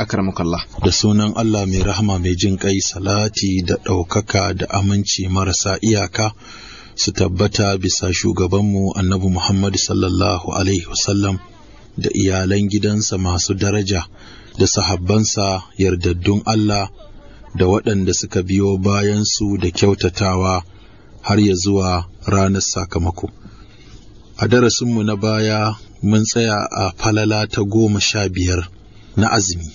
akramakallah da sunan Allah mai rahama mai jin kai salati da ɗaukaka da aminci marasa iyaka su tabbata bisa shugabanmu annabi Muhammad sallallahu alaihi wasallam da iyalan gidansa masu daraja da sahabbansa yardaddun Allah da waɗanda suka biyo bayansu da kyautatawa har ya zuwa ranar sakamako. A darasinmu na baya mun tsaya a falala ta goma sha biyar na azumi.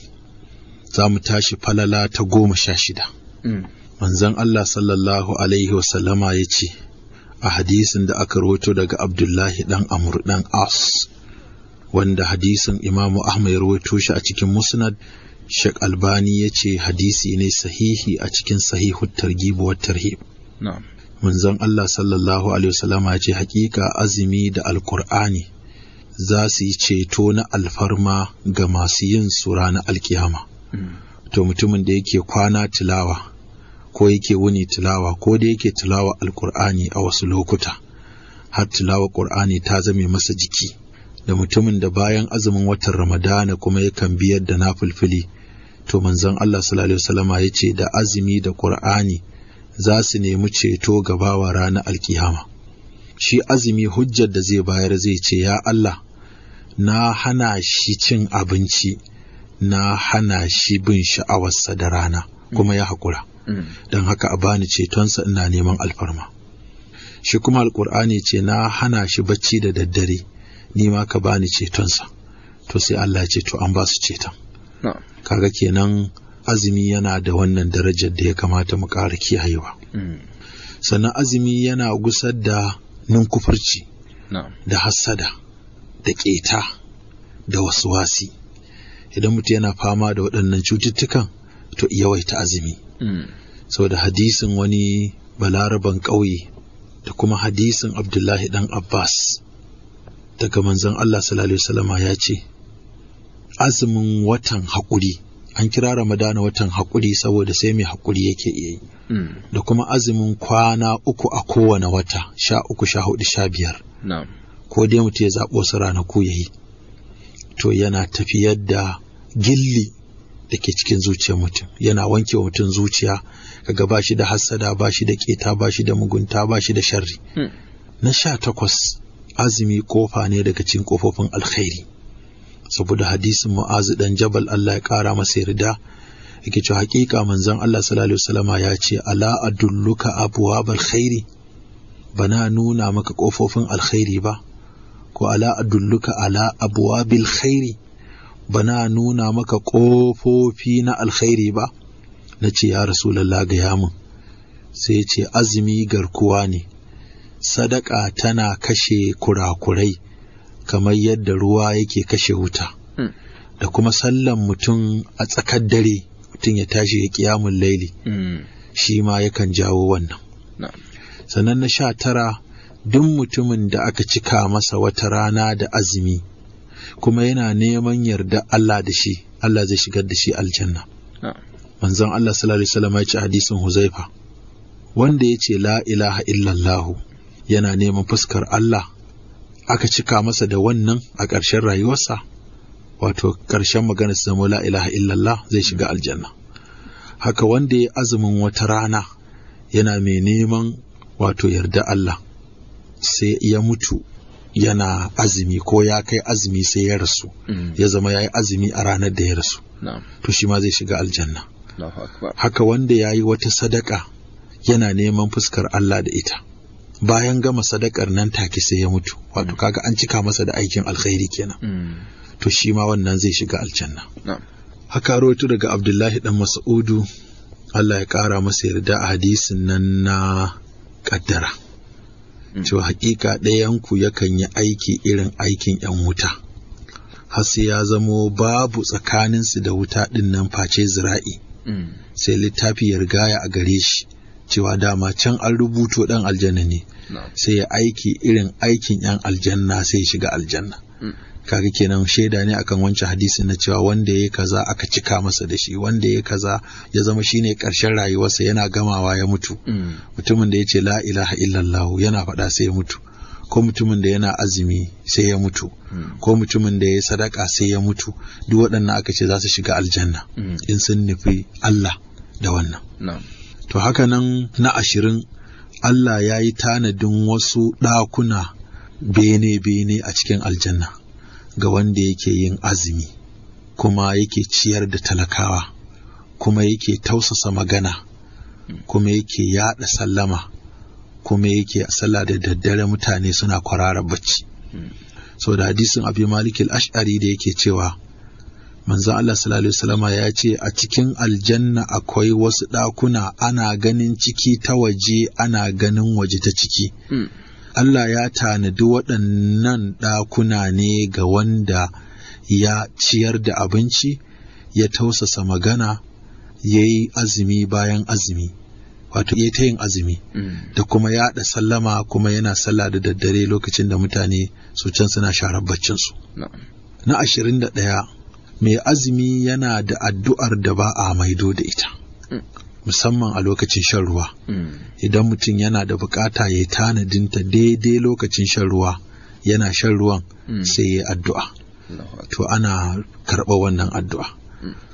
za mu tashi falala ta goma sha shida. Mm. Manzon Allah sallallahu Alaihi wasallama ya ce, a hadisin da aka rawato daga Abdullahi ɗan amur ɗan As, wanda hadisin Imamu Ahmad ya rawato shi a cikin Musnad, Sheikh Albani ya ce hadisi ne sahihi a cikin sahihun targhib wa tarhib. Manzon Allah sallallahu Alaihi wasallama ya ce hakika azumi da alkur'ani za su yi ceto na alfarma ga masu yin su ranar alkiyama. to mutumin da yake kwana tilawa ko yake wuni tilawa ko da yake tilawa alkur'ani a wasu lokuta har tilawa qur'ani ta zame masa jiki da mutumin da bayan azumin watan ramadana kuma yakan biyar da na fulfili to manzon Allah sallallahu alaihi ya ce da azumi da qur'ani za su nemi ceto gabawa ranar alkiyama shi azumi hujjar da zai bayar zai ce ya Allah na hana shi cin abinci na hana shi bin sha'awarsa da rana kuma ya haƙura mm. don haka a bani cetonsa ina neman alfarma shi kuma alƙur'ani ce na hana shi bacci da daddare ni ma ka bani cetonsa to sai Allah ya ce to an ba su ceton kaga kenan azumi yana da wannan darajar da ya kamata mu ƙara kiyayewa mm. sannan azumi yana gusar da ninkufurci da hassada da ƙeta da wasu wasi. idan mutum yana fama da waɗannan cututtukan to yawaita azumi hmm. saboda hadisin wani balaraban ƙauye da kuma hadisin abdullahi ɗan abbas daga manzon allah salallahu Salama ya ce azumin watan haƙuri an kira ramadana watan haƙuri saboda sai mai haƙuri yake iya yi hmm. da kuma azumin kwana uku a kowane wata sha uku sha hudu sha biyar ko dai mutum ya zaɓo su ranaku ya yi to yana tafiyar da gilli da ke cikin zuciyar mutum yana wanke mutum zuciya kaga ba shi da hassada ba shi da keta ba shi da mugunta ba shi da sharri hmm. na sha takwas azumi kofa ne daga cikin kofofin alkhairi saboda hadisin mu'azu dan jabal Allah ya kara masa yarda yake cewa hakika manzon Allah sallallahu alaihi wasallama ya ce ala adulluka abwabal khairi bana nuna maka kofofin alkhairi ba ko ala adulluka ala abwabil khairi bana nuna maka ƙofofi na alkhairi ba na ce ya rasulallah gaya min sai ce azumi garkuwa ne sadaka tana kashe kurakurai kamar yadda ruwa yake kashe wuta hmm. da kuma sallan mutum a tsakar dare mutum ya tashi ya mun laili hmm. shi ma yakan jawo wannan sanan sannan na sha tara duk mutumin da aka cika masa wata rana da azumi kuma yana neman yarda Allah da shi Allah zai shigar da shi aljanna ah. manzon Allah sallallahu alaihi wasallam ya ce hadisin Huzaifa wanda ya ce la ilaha illallahu yana neman fuskar Allah aka cika masa da wannan a ƙarshen rayuwarsa wato ƙarshen magana su zama la ilaha illallah zai shiga aljanna haka wanda ya azumin wata rana yana mai neman wato yarda Allah sai ya mutu yana azumi ko ya kai azumi sai ya rasu mm. ya zama ya yi azumi a ranar da ya rasu to shi ma zai shiga aljanna haka wanda ya yi wata sadaka yana neman fuskar Allah da ita bayan gama sadakar nan take sai ya mutu wato mm. kaga an cika masa da aikin alkhairi kenan mm. to shi ma wannan zai shiga aljanna haka rawaito daga Abdullahi dan Mas'udu Allah ya kara masa yarda a hadisin nan na kaddara cewa hakika ɗayanku yakan yi aiki irin aikin ‘yan wuta, Hasi ya zamo babu tsakaninsu da wuta ɗin nan face zira'i, mm. sai littafi ya rigaya a gare shi cewa dama can an rubuto ɗan aljanna ne, sai ya aiki irin aikin ‘yan aljanna sai ya shiga aljanna. Mm. kaga kenan shaida ne akan wancan hadisi na cewa wanda ya kaza aka cika masa da shi wanda ya kaza ya zama shine karshen rayuwarsa yana gamawa ya mutu mm. mutumin da ya ce la ilaha illallah yana faɗa sai ya mutu ko mutumin da yana azumi sai ya mutu mm. ko mutumin da ya sadaka sai ya mutu duk waɗannan aka ce za su shiga aljanna mm. in sun nufi Allah da wannan to haka nan na ashirin Allah ya yi tanadin wasu ɗakuna bene-bene a cikin aljanna ga wanda yake yin azumi kuma yake ciyar da talakawa kuma yake tausasa magana kuma yake yaɗa sallama kuma yake sallah da daddare mutane suna kwarara bacci so da hadisin abi malik al-ash'ari da yake cewa manzo Allah sallallahu alaihi ya ce a cikin aljanna akwai wasu ɗakuna ana ganin ciki ta waje ana ganin waje ta ciki hmm. Allah ya tanadi waɗannan ɗakuna ne ga wanda ya ciyar da abinci, ya tausasa magana, ya yi azumi bayan azumi, wato ya ta yin azumi, da kuma ya yaɗa sallama kuma yana sallah da daddare lokacin da mutane su can suna sharar baccinsu. Na ashirin da ɗaya, mai azumi yana da addu'ar da ba a maido da ita. musamman a lokacin shan ruwa idan mutum yana da bukata ya tanadinta daidai lokacin shan ruwa yana shan ruwan sai ya addu'a to ana karɓa wannan addu'a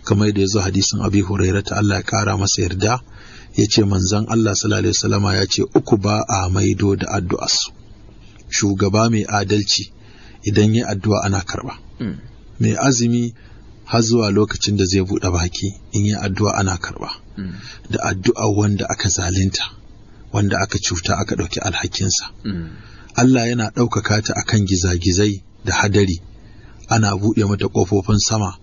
kamar yadda ya zo hadisin abi huraira ta Allah ya ƙara masa yarda ya ce manzan Allah sallallahu alaihi ya ce uku ba a maido da addu'arsu shugaba mai adalci idan ya addu'a ana karɓa mai azumi har zuwa lokacin da zai buɗe baki in yi addu'a ana karɓa hmm. da addu'a wanda aka zalunta wanda aka cuta aka ɗauki alhakinsa hmm. Allah yana ɗaukaka ta akan gizagizai da hadari ana buɗe mata ƙofofin sama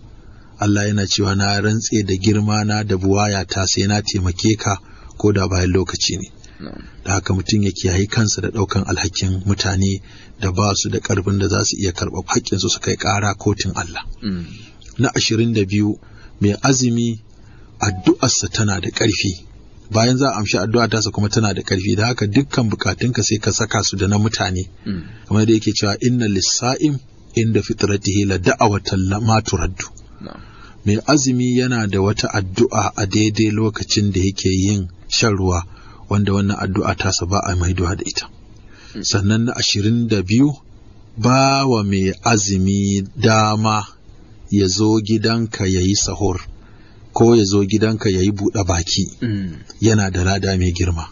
Allah yana cewa na rantse da girma na da buwaya ta sai na taimake ka ko da bayan lokaci ne da haka mutum ya kiyaye kansa da ɗaukan alhakin mutane da ba su da ƙarfin da za su iya karɓar Hakkin su kai ƙara kotun Allah. Hmm. na ashirin da biyu mai azumi addu'arsa tana da ƙarfi bayan za a amshi addu'a tasa kuma tana da ƙarfi da haka dukkan bukatunka sai ka saka su da na mutane hmm. kamar da yake cewa inna lissa'im inda fitratihi la da'awatan lama turaddu mai azumi yana da wata addu'a a daidai lokacin da yake yin shan ruwa wanda wannan addu'a tasa ba a maiduwa da ita hmm. sannan na ashirin da biyu ba wa mai azumi dama ya zo gidanka ya yi sahur ko ya zo gidanka ya yi buɗe baki hmm. yana da lada mai girma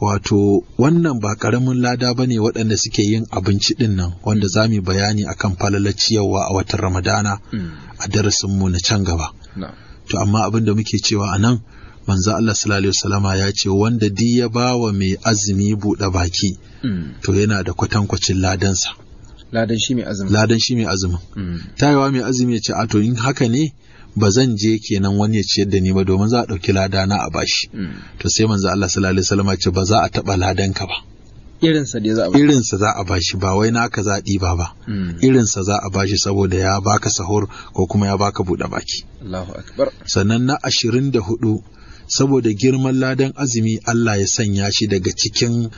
wato wannan ba ƙaramin lada ba ne waɗanda suke yin abinci ɗin nan wanda hmm. za mu bayani akan falalar ciyarwa a watan ramadana A hmm. a darasinmu na can gaba to amma abin da muke cewa a nan manzo Allah sallallahu alaihi ya ce wanda di ya bawa mai azumi buɗe baki to yana da kwatankwacin ladansa ladan shi mai azumin ladan shi mai azumin mm. tayawa mai azumi ya ce a to in haka ne ba zan je kenan wani ya ciyar da ni ba domin za a ɗauki ladana a bashi mm. to sai manzo Allah sallallahu alaihi wasallam ce ba za a taɓa ladanka ba irinsa dai za a bashi irinsa za a bashi ba wai naka za a ɗiba ba mm. irinsa za a bashi saboda ya baka sahur ko kuma ya baka buɗe baki Allahu akbar sannan na ashirin da hudu saboda girman ladan azumi Allah ya sanya shi daga cikin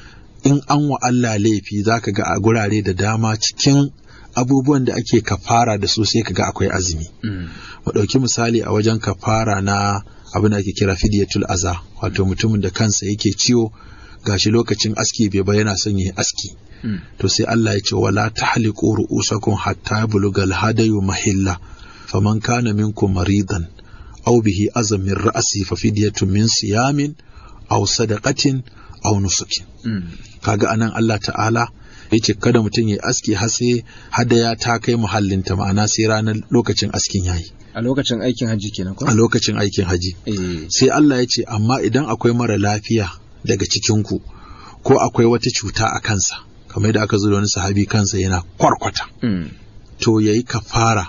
in an wa Allah laifi za ka ga a gurare da dama cikin abubuwan da ake kafara da su sai ka ga akwai azumi. Mm. Mu ɗauki misali a wajen kafara na abin da ake kira fidiyatul aza wato mutumin da kansa yake ciwo gashi lokacin aski bai ba yana son yi aski. Mm. To sai Allah ya ce wala haliku ru'usakum hatta bulugal hadayu mahilla faman kana minkum maridan aw bihi azam ra'si fa fidyatun min siyamin aw sadaqatin aunu suke. Mm. kaga anan Allah ta'ala yace kada mutum ya aski har hadaya ta kai muhallinta ma'ana sai ranar lokacin askin yayi a lokacin aikin haji kenan ko a lokacin aikin haji eh. sai Allah ya ce amma idan akwai mara lafiya daga cikin ku ko akwai wata cuta a kansa kamar yadda aka zo da wani sahabi kansa yana kwarkwata mm. to yayi kafara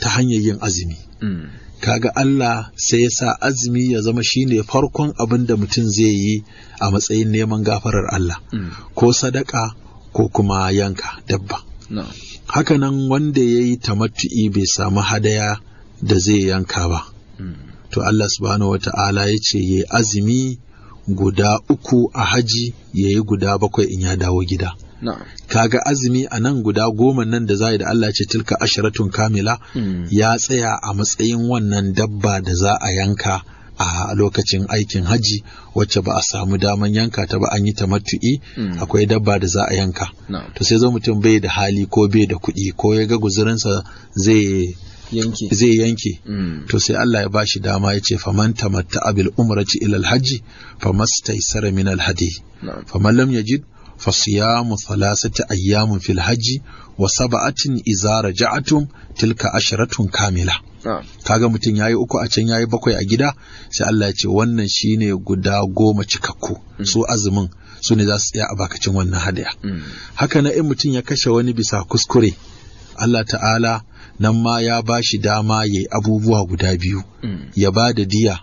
ta hanyar yin azumi mm. kaga Allah sai ya sa azumi ya zama shine farkon abin da mutum zai yi a matsayin neman gafarar Allah mm. ko sadaka ko kuma yanka dabba Haka hakanan wanda ya yi tamattu'i bai samu hadaya da zai yanka ba mm. to Allah subhanahu wata'ala ya ce ya azumi guda uku a haji ya yi guda bakwai in ya dawo gida. kaga azumi a nan guda goma nan da za da Allah ce tilka asharatun kamila hmm. ya tsaya a matsayin wannan dabba da za a yanka a lokacin aikin haji wacce ba a samu daman yanka ta ba an yi ta matu'i hmm. akwai dabba da za a yanka to sai zo mutum bai da hali ko bai da kuɗi ko ya ga guzurinsa zai yanke zai yanke hmm. to sai Allah ya bashi dama ya ce faman tamatta abil umrati ila alhaji famastaysara min alhadi faman lam yajid فصيام ثلاثة أيام في الحج wa إذا رجعتم تلك tilka كاملة kamila ah. kaga mutum yayi uku a can yayi bakwai a gida sai Allah ya ce wannan shine guda goma cikakku mm. su azumin su ne za su tsaya a bakacin wannan hadaya mm. haka na in mutum ya kashe wani bisa kuskure Allah ta'ala nan ma ya ba shi dama ya yi abubuwa guda biyu mm. ya ba da diya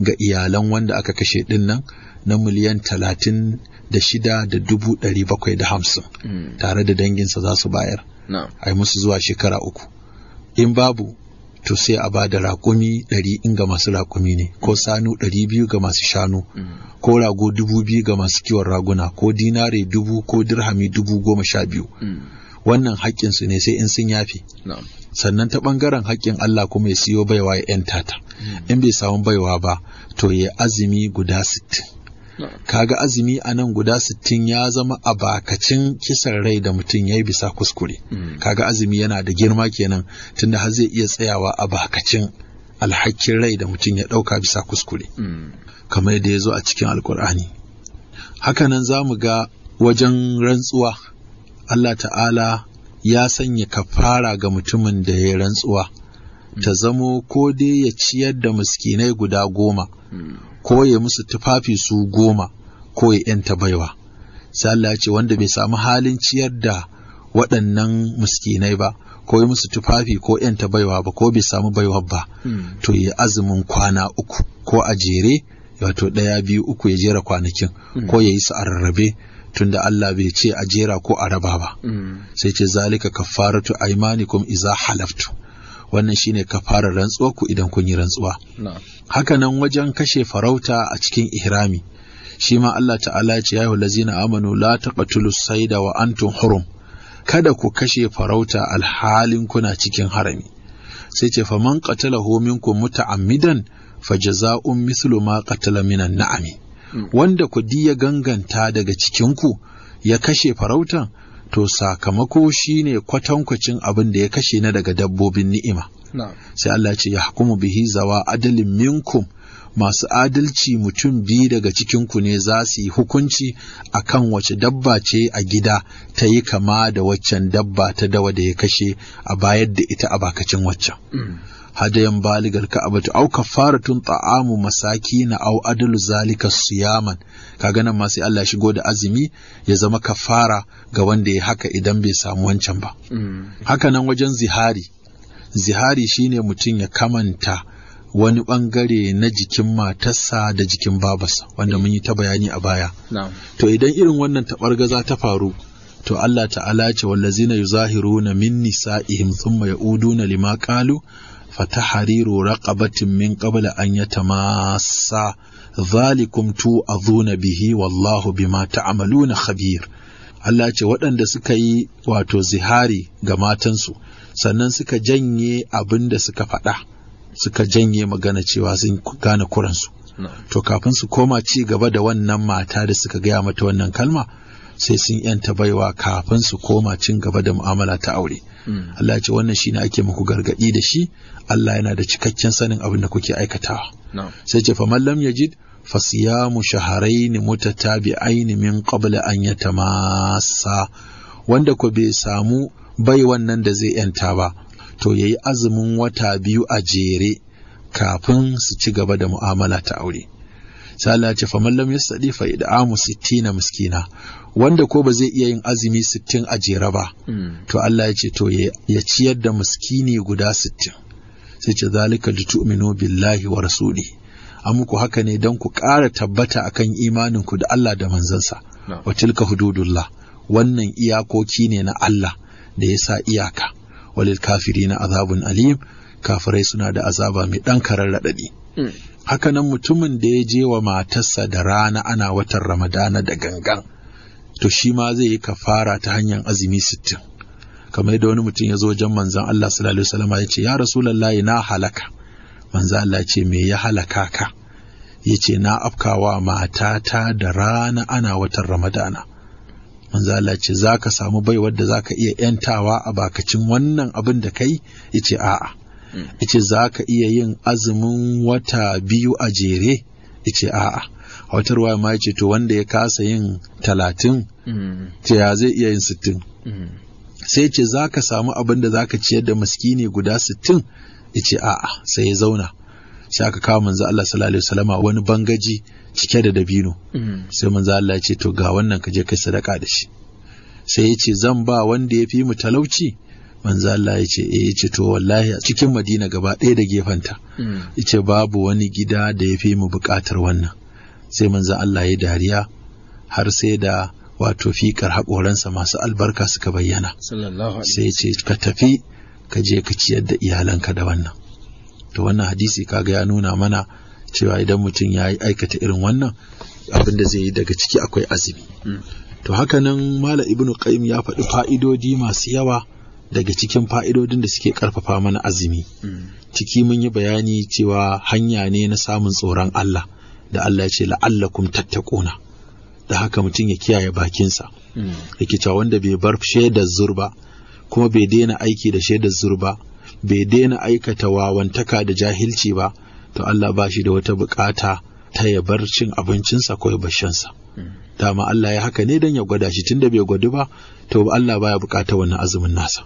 ga iyalan wanda aka kashe dinnan. na miliyan talatin da shida da dubu ɗari bakwai da hamsin hmm. tare da danginsa za su bayar a yi musu zuwa shekara uku in babu to sai a ba da raƙumi ɗari in ga masu raƙumi ne ko sanu ɗari biyu ga masu shanu hmm. ko rago dubu biyu ga masu kiwon raguna ko dinare dubu ko dirhami dubu goma sha biyu hmm. wannan haƙƙinsu ne sai in sun yafe sannan ta ɓangaren haƙƙin Allah kuma ya siyo baiwa ya 'yantata. tata in bai samu baiwa ba to ya azumi guda sittin kaga azumi a nan guda sittin ya zama a bakacin kisan rai da mutum ya yi bisa kuskure hmm. kaga azumi yana da girma kenan tunda har zai iya tsayawa a bakacin alhakin rai da mutum ya ɗauka bisa kuskure hmm. kamar da ya zo a cikin alkur'ani hakanan za mu ga wajen rantsuwa Allah ta'ala ya sanya kafara ga mutumin da ya rantsuwa ta zamo ko dai ya ciyar da muskinai guda goma ko ya musu tufafi su goma ko ya yanta baiwa sai ya ce wanda bai samu halin ciyar da waɗannan muskinai ba ko ya musu tufafi ko yanta baiwa ba ko bai samu baiwa ba to ya azumin kwana uku ko a jere wato ɗaya biyu uku ya jera kwanakin ko ya yi su a rarrabe tunda Allah bai ce a jera ko a raba ba mm. sai ce zalika kafaratu aimanikum iza halaftu wannan shine kafara rantsuwa ku idan kun yi rantsuwa Haka nan wajen kashe farauta a cikin ihrami shi ma Allah ta'ala ya ce ya lazina amanu la taqtulu sayda wa antum hurum kada ku kashe farauta alhalin kuna cikin harami sai ce fa man qatalahu minkum muta'ammidan fajaza'un mithlu ma qatala minan na'ami hmm. wanda ku diya ganganta daga cikin ku ya kashe farautan to sakamako shine kwatankwacin abin da ya kashe na daga dabbobin ni'ima sai Allah ce ya hukumu bihi zawa adalin minkum masu adalci mutum biyu daga cikinku ne za su yi hukunci a kan wace dabba ce a gida ta yi kama da waccan dabba ta dawa da ya kashe a bayar da ita a bakacin waccan. Mm. hadayan baligal ka'abatu au kafaratun ta'amu masakina au adalu zalika siyaman kaga nan ma sai Allah shigo da azumi ya zama kafara ga wanda ya haka idan bai samu wancan ba mm. haka nan wajen zihari zihari shine mutum ya kamanta wani bangare na jikin matarsa da jikin babarsa wanda mun yi ta bayani a baya to idan irin wannan gaza ta faru to Allah ta'ala ce wallazina yuzahiruna min nisa'ihim thumma ya'uduna lima qalu fatahariru raqabatin min qabla an yatamassa zalikum tu'azuna bihi wallahu bima ta'maluna khabir Allah ce waɗanda suka yi wato zihari ga matansu sannan suka janye abin da suka faɗa suka janye magana cewa sun gane kuransu to kafin su koma ci gaba da wannan mata da suka gaya mata wannan kalma sai sun yanta baiwa kafin su koma cin gaba da mu'amala ta aure hmm. Allah ce wannan shine ake muku gargadi da shi Allah yana da cikakken sanin abin da kuke aikatawa sai ce fa mallam yajid siyamu shaharaini mutatabi'ain min qabla an yatamassa wanda ko bai samu bai wannan da zai yanta ba to yayi azumin wata biyu a jere kafin su ci gaba da mu'amala ta aure ta'ala ce fa mallam yastadi fa id'amu 60 miskina wanda ko ba zai iya yin azumi 60 a jera ba hmm. to Allah ya ce to ya ciyar da miskini guda 60 sai ce zalika litu'minu billahi wa rasuli an muku haka ne dan ku ƙara tabbata akan imanin ku da Allah da manzansa wa tilka hududullah wannan iyakoki ne na Allah da ya sa iyaka walil kafiri na azabun alim kafirai suna da azaba mai ɗan karar raɗaɗi hmm. hakanan mutumin da ya je wa matarsa da rana ana watan ramadana da gangan to shi ma zai yi kafara ta hanyar azumi sittin kamar da wani mutum ya zo wajen manzon Allah sallallahu alaihi wasallam ya ce ya rasulullahi na halaka manzan Allah ya ce me ya halaka ka ya ce na afkawa matata da rana ana watan ramadana manzan Allah ya ce za ka samu baiwar da za ka iya yantawa a bakacin wannan abin da kai ya ce a'a ice za ka iya yin azumin wata biyu a jere ice a'a a wata ruwa ma ce to wanda ya kasa yin talatin ce ya zai iya yin sittin sai ce za ka samu abin da za ka ciyar da maskini guda sittin ce a'a sai ya zauna sai aka kawo manzo Allah sallallahu alaihi wasallama wani bangaji cike da dabino sai manzo Allah ya ce to ga wannan kaje kai sadaka da shi sai ya ce zan ba wanda ya fi mu talauci manzo Allah ya ce eh ce to wallahi cikin Madina gaba ɗaya da gefanta hmm. yace babu wani gida da ya fi mu buƙatar wannan sai manzo Allah ya dariya har sai da wato fikar haƙoransa masu albarka suka bayyana sai ce ka tafi ka je ka ciyar da iyalanka da wannan to wannan hadisi kaga ya nuna mana cewa idan mutum ya yi aikata irin wannan abin da zai yi daga ciki akwai azumi hmm. to haka nan mala ibnu qayyim ya faɗi fa'idodi masu yawa daga cikin fa'idodin da suke ƙarfafa mana azumi ciki mun yi bayani cewa hanya ne na samun tsoron Allah da Allah ce la'allakum tattaquna da haka mutum ya kiyaye bakinsa yake wanda bai bar shaidar zurba kuma bai daina aiki da shaidar zurba bai daina aikata wawantaka da jahilci ba to Allah ba shi da wata bukata ta ya bar cin abincinsa ko ya dama Allah ya haka ne don ya gwada shi tunda bai gwadu ba to Allah baya bukata wannan azumin nasa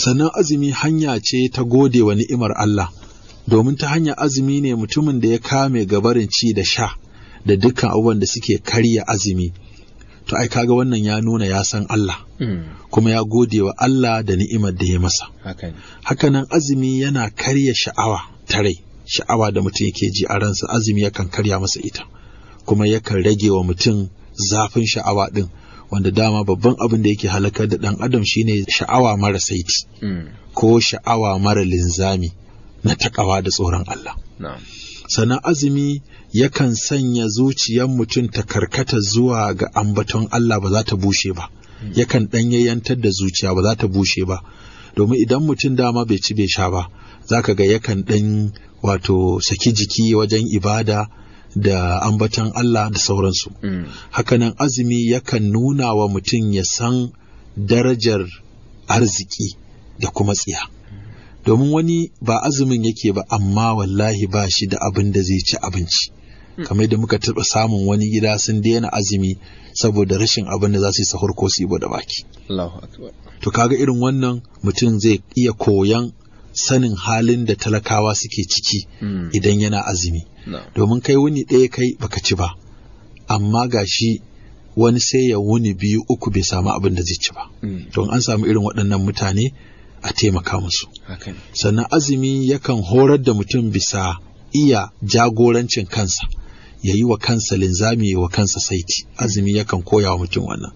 sannan azumi hanya ce ta gode wa ni'imar Allah domin ta hanya azumi ne mutumin da ya kame gabarin ci da sha da dukkan abubuwan da suke karya azumi to ai kaga wannan ya nuna ya san Allah hmm. kuma ya gode wa Allah da ni'imar da ya masa hakanan azumi yana karya sha'awa ta rai sha'awa da mutum yake ji a ransa azumi yakan karya masa ita kuma yakan rage wa mutum zafin sha'awa ɗin wanda dama babban abin da yake halakar da ɗan adam shine sha'awa mara saiti mm. ko sha'awa mara linzami na takawa da tsoron Allah. Sannan azumi yakan sanya zuciyar mutum ta karkata zuwa ga ambaton Allah ba za ta bushe ba, mm. yakan yakan ɗanyayyantar da zuciya ba za ta bushe ba, domin idan mutum dama bai ci bai sha ba, za ga yakan ɗan wato saki jiki wajen ibada. da ambatan Allah da sauransu. Mm. Hakanan azumi yakan nuna wa mutum ya san darajar arziki da kuma tsiya. Domin wani ba azumin yake ba amma wallahi ba shi da abin da zai ci abinci. Mm. Kamar da muka taɓa samun wani gida sun daina azumi saboda rashin abin da za su yi sahur ko su da baki. To kaga irin wannan mutum zai iya koyan sanin halin da talakawa suke ciki hmm. idan yana azumi domin kai wuni ɗaya kai baka ci ba amma ga shi wani sai ya wuni biyu uku bai samu abin da zai ci ba hmm. don an samu irin waɗannan mutane a taimaka musu sannan azumi yakan horar da mutum bisa iya jagorancin kansa ya yi wa kansa linzami ya wa kansa saiti azumi yakan koya wa mutum wannan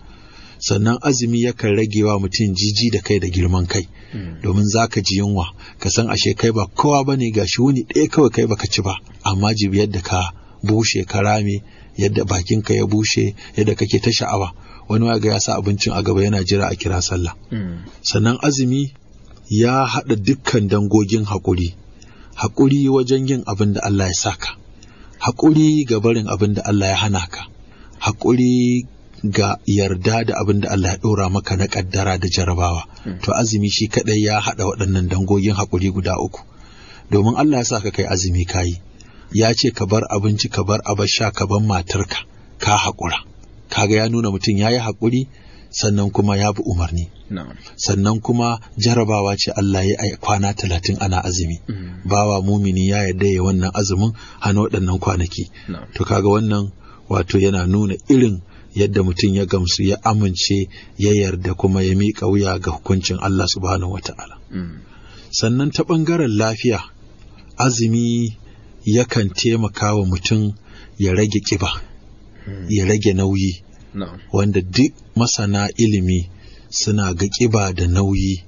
sannan azumi yakan rage wa mutum jiji da kai da girman kai hmm. domin za ka ji yunwa ka san ashe kai ba kowa ba ne ga shi wuni ɗaya kawai kai baka ci ba amma jibi yadda ka bushe ka rame yadda bakinka ya bushe yadda kake ta sha'awa wani ma ga ya sa abincin a gaba yana jira a kira sallah hmm. sannan azumi ya haɗa dukkan dangogin haƙuri haƙuri wajen yin abin da Allah ya sa ka. haƙuri ga barin abin da Allah ya hana ka haƙuri ga yarda da abin da Allah ya ɗora maka na ƙaddara da jarabawa hmm. to azumi shi kaɗai ya haɗa waɗannan dangogin haƙuri guda uku domin Allah ya sa ka kai azumi kayi ya ce ka bar abinci ka bar abasha ka bar matarka ka haƙura kaga ya nuna mutum ya yi haƙuri sannan kuma ya bi umarni sannan kuma jarabawa ce Allah ya kwana talatin ana azumi hmm. bawa mumini ya yarda ya wannan azumin hana waɗannan kwanaki to kaga wannan wato yana nuna irin yadda mutum ya gamsu ya amince ya yarda kuma ya miƙa wuya ga hukuncin Allah subhanahu ta'ala. Mm. sannan ta ɓangaren lafiya azumi yakan taimakawa mutum ya rage ƙiba mm. ya rage nauyi wanda duk masana ilimi suna ga ƙiba da nauyi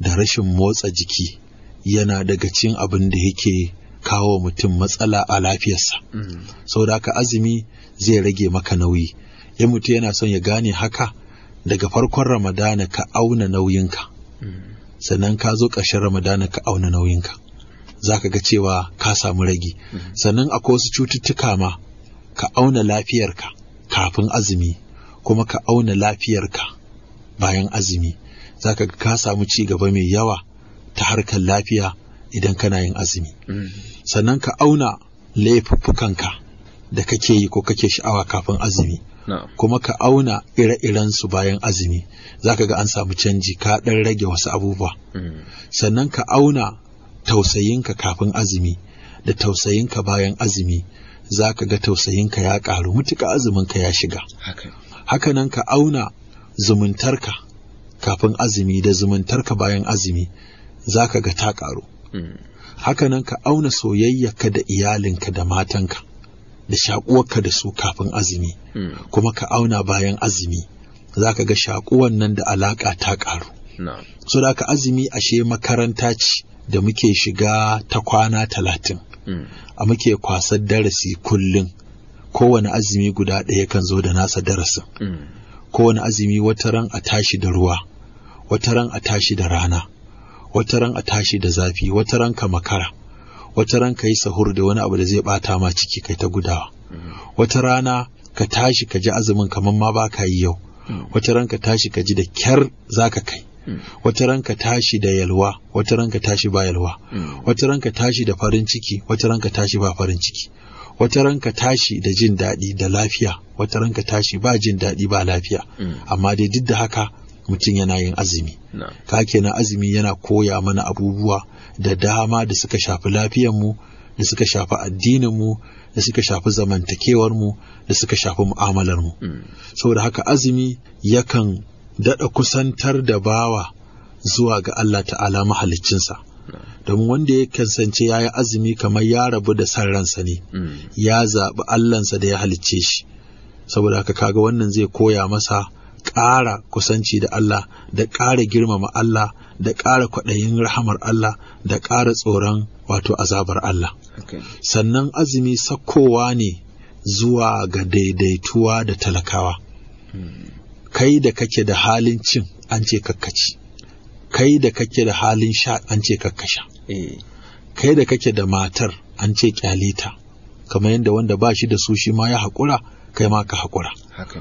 da rashin motsa jiki yana daga cin abin da yake kawo mutum matsala a lafiyarsa mm. Sau da haka azumi zai rage maka nauyi ya mutu yana son ya gane haka daga farkon ramadana ka auna nauyinka sannan ka zo ƙarshen ramadana ka auna nauyinka za ka ga cewa ka samu ragi sannan akwai wasu cututtuka ma ka auna lafiyarka kafin azumi kuma ka auna lafiyarka bayan azumi za ka ka samu ci gaba mai yawa ta harkar lafiya idan kana yin azumi sannan ka auna laifuffukanka da kake yi ko kake sha'awa kafin azumi kuma ka auna ire-iren su bayan azumi zaka ga an samu canji ka ɗan rage wasu abubuwa mm. sannan ka auna tausayinka kafin azumi da tausayinka bayan azumi zaka ga tausayinka ya ƙaru mutuka azuminka ya shiga hakanan ka auna zumuntarka kafin azumi da zumuntarka bayan azumi zaka ga ta karu mm. hakanan ka auna soyayyarka da iyalinka da matanka da ka da su kafin azumi hmm. kuma ka auna bayan azumi za ka ga shakuwan nan da alaƙa ta ƙaru so da ka azumi ashe makaranta ce da muke shiga ta kwana talatin hmm. a muke kwasar darasi kullum kowane azumi guda ɗaya kan zo da nasa darasin hmm. kowane azumi ran a tashi da ruwa Wata ran a tashi da rana Wata ran a tashi da zafi Wata ran ka makara wata ran ka yi sahur da wani abu da zai bata ma ciki kai ta gudawa mm. wata rana ka tashi ka ji azumin kamar ma baka yi yau mm. wata ran ka tashi ka ji da kyar zaka kai mm. wata ran ka tashi da yalwa wata ran ka tashi ba yalwa wata ran ka tashi da farin ciki wata ran ka tashi ba farin ciki wata ran ka tashi da jin daɗi da lafiya wata ran ka tashi ba jin daɗi ba lafiya amma dai duk da haka mutum yana yin azumi ka kenan azumi yana koya mana abubuwa da dama da suka shafi lafiyar mu da suka shafi addininmu da suka shafi zamantakewar mu da suka shafi mu'amalar mu. Mm. saboda haka azumi yakan daɗa kusantar da bawa zuwa ga Allah ta'ala mahaliccinsa mm. domin wanda ya kasance ya yi azumi kamar ya rabu da san ransa ne mm. ya zaɓi Allahnsa da ya halicce shi saboda haka kaga wannan zai koya masa ƙara kusanci da Allah da ƙara girmama Allah da ƙara kwaɗayin rahamar Allah da ƙara tsoron wato azabar Allah sannan azumi sakkowa ne zuwa ga daidaituwa da talakawa hmm. kai da kake da halin cin an ce kakkaci kai da kake da halin sha an ce kakkasha eh. kai da kake da matar an ce kyalita. kamar yadda wanda ba shi da su shi ma ya haƙura kai ma ka haƙura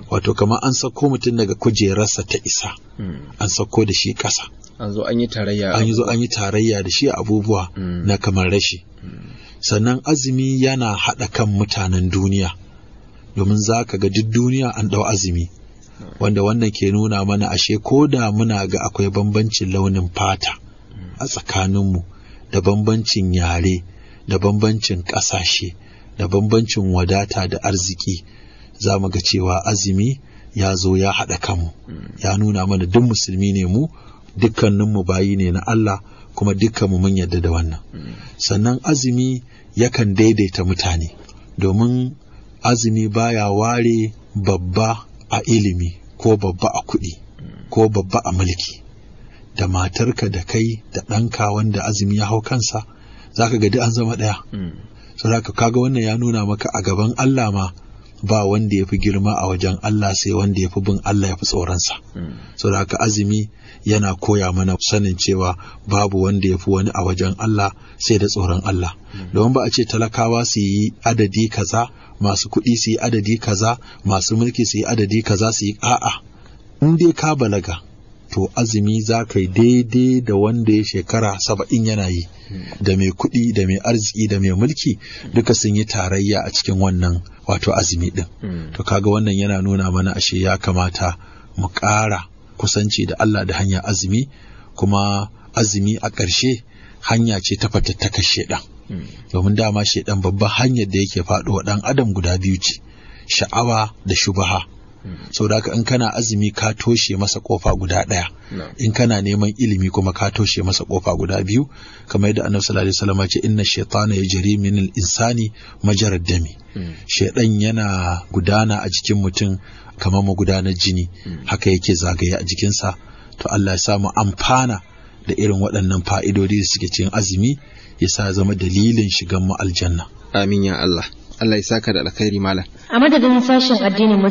wato kamar an sako mutum daga kujerarsa ta isa hmm. an sako da shi ƙasa an zo an yi tarayya an zo an yi tarayya da shi abubuwa hmm. na kamar rashi hmm. sannan azumi yana haɗa kan mutanen duniya domin za ka ga duk duniya an ɗau azumi wanda wannan ke nuna mana ashe ko da muna ga akwai bambancin launin fata a tsakaninmu da bambancin yare da bambancin ƙasashe da bambancin wadata da arziki za mu ga cewa azumi ya zo ya haɗa kanmu ya nuna mana duk musulmi ne mu dukkaninmu bayi ne na Allah kuma dukkan mu mun yarda da wannan sannan azumi yakan daidaita mutane domin azumi baya ware babba a ilimi ko babba a kuɗi ko babba a mulki da matarka da kai da ɗanka wanda azumi ya hau kansa za ka duk an zama ɗaya. Mm. So za ka kaga wannan ya nuna maka a gaban Allah ma ba wanda ya fi girma a wajen Allah sai wanda ya fi bin Allah ya fi tsoronsa. Hmm. So da haka azumi yana koya mana sanin cewa babu wanda ya fi wani a wajen Allah sai da tsoron Allah. Hmm. Domin ba a ce talakawa su yi adadi kaza, masu kuɗi su yi adadi kaza, masu mulki su yi adadi kaza su yi a'a. In dai ka balaga, to azumi za ka yi daidai da wanda ya shekara saba'in yana yi da mai kuɗi da mai arziki da mai mulki duka sun yi tarayya a cikin wannan wato azumi ɗin to kaga wannan yana nuna mana ashe ya kamata mu ƙara kusanci da Allah da hanya azumi kuma azumi a ƙarshe hanya ce ta fatattaka shaidan domin dama shaɗan babban hanyar da yake faɗo wa ɗan adam guda biyu ce sha'awa da shubaha saboda haka in kana azumi ka toshe masa kofa guda ɗaya in kana neman ilimi kuma ka toshe masa kofa guda biyu kamar yadda annabi sallallahu alaihi wasallam ce inna shaytana yajri min al-insani majarar dami hmm. shaydan yana gudana a jikin mutum kamar magudanar jini hmm. haka yake zagaye a jikinsa to Allah ya samu amfana da irin waɗannan fa'idodi da suke cikin azumi ya sa zama dalilin shigan mu aljanna amin ya Allah Allah ya saka da alkhairi malam a madadin sashen addinin